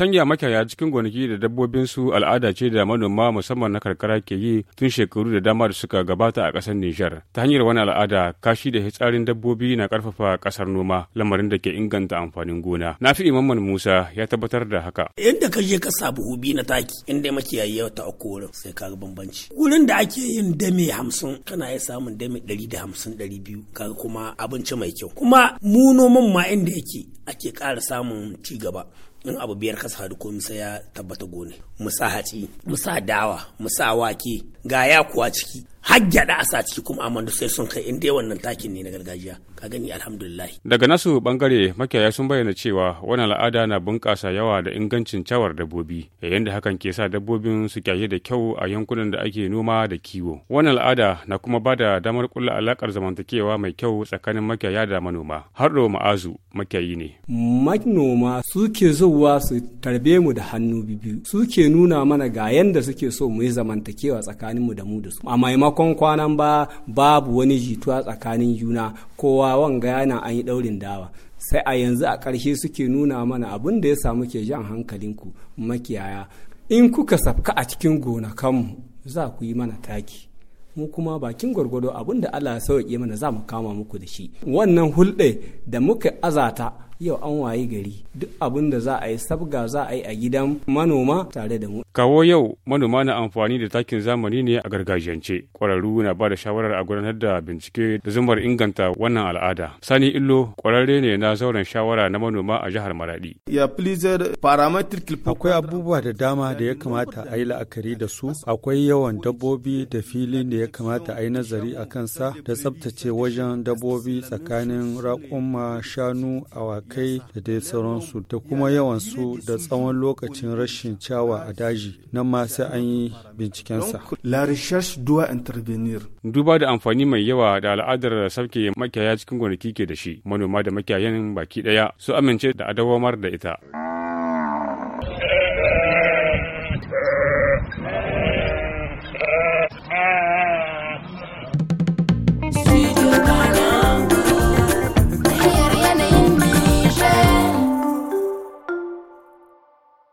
Sanya makiyaya cikin gonaki da dabbobinsu al'ada ce da manoma musamman na karkara ke yi tun shekaru da dama da suka gabata a kasar Nijar. Ta hanyar wani al'ada kashi da hitsarin dabbobi na karfafa kasar noma lamarin da ke inganta amfanin gona. Na fi Imamman Musa ya tabbatar da haka. Inda ka je ka sa buhu biyu na taki inda makiyaya ya ta uku wurin sai ka ga bambanci. Wurin da ake yin dame hamsin kana iya samun dame ɗari da hamsin ɗari biyu kaga kuma abinci mai kyau. Kuma mu noman ma inda yake ake ƙara samun ci gaba. in abu biyar ka sadu komi sai ya tabbata gone Musa hatsi Musa dawa Musa wake ga ya kuwa ciki hajjada a asa ciki kuma amadu sai sun kai inda wannan takin ne na gargajiya ka gani alhamdulillah daga nasu bangare makiyaya sun bayyana cewa wannan al'ada na bunƙasa yawa da ingancin cawar dabbobi yayin da hakan ke sa dabbobin su kyaye da kyau a yankunan da ake noma da kiwo wannan al'ada na kuma ba da damar kulla alakar zamantakewa mai kyau tsakanin makiyaya da manoma har ma'azu makiyayi ne manoma suke zuwa su tarbe mu da hannu biyu suke nuna mana ga yanda suke so mu yi zamantakewa tsakanin mu da mu da su amma makon kwanan ba babu wani jituwa tsakanin juna kowa wanga yana an yi daurin dawa sai a yanzu a ƙarshe suke nuna mana abin da ya samu ke jan hankalinku makiyaya in kuka safka a cikin gonakanmu za ku yi mana taki mu kuma bakin gwargwado abin da Allah ya sauke mana za mu kama muku da shi wannan hulɗe da muka azata yau an waye gari duk abin da za a yi sabga za a yi a gidan manoma tare da mu. Kawo yau manoma na amfani da takin zamani ne a gargajiyance. Kwararru na ba da shawarar a gudanar da bincike da zumar inganta wannan al'ada. Sani Illo kwararre ne na zauren shawara na manoma a jihar Maradi. Ya Akwai abubuwa da dama da ya kamata a yi la'akari da su. Akwai yawan dabbobi da filin da ya kamata a yi nazari a kansa da tsabtace wajen dabbobi tsakanin raƙuma, shanu, awakai kai da dai sauransu da kuma yawansu da tsawon lokacin rashin cawa a daji nan ma sai an yi bincikensa. Duba da amfani mai yawa da al'adar sauke makiyaya cikin gonaki ke da shi manoma da makiyayan baki ɗaya su amince da adawamar da ita.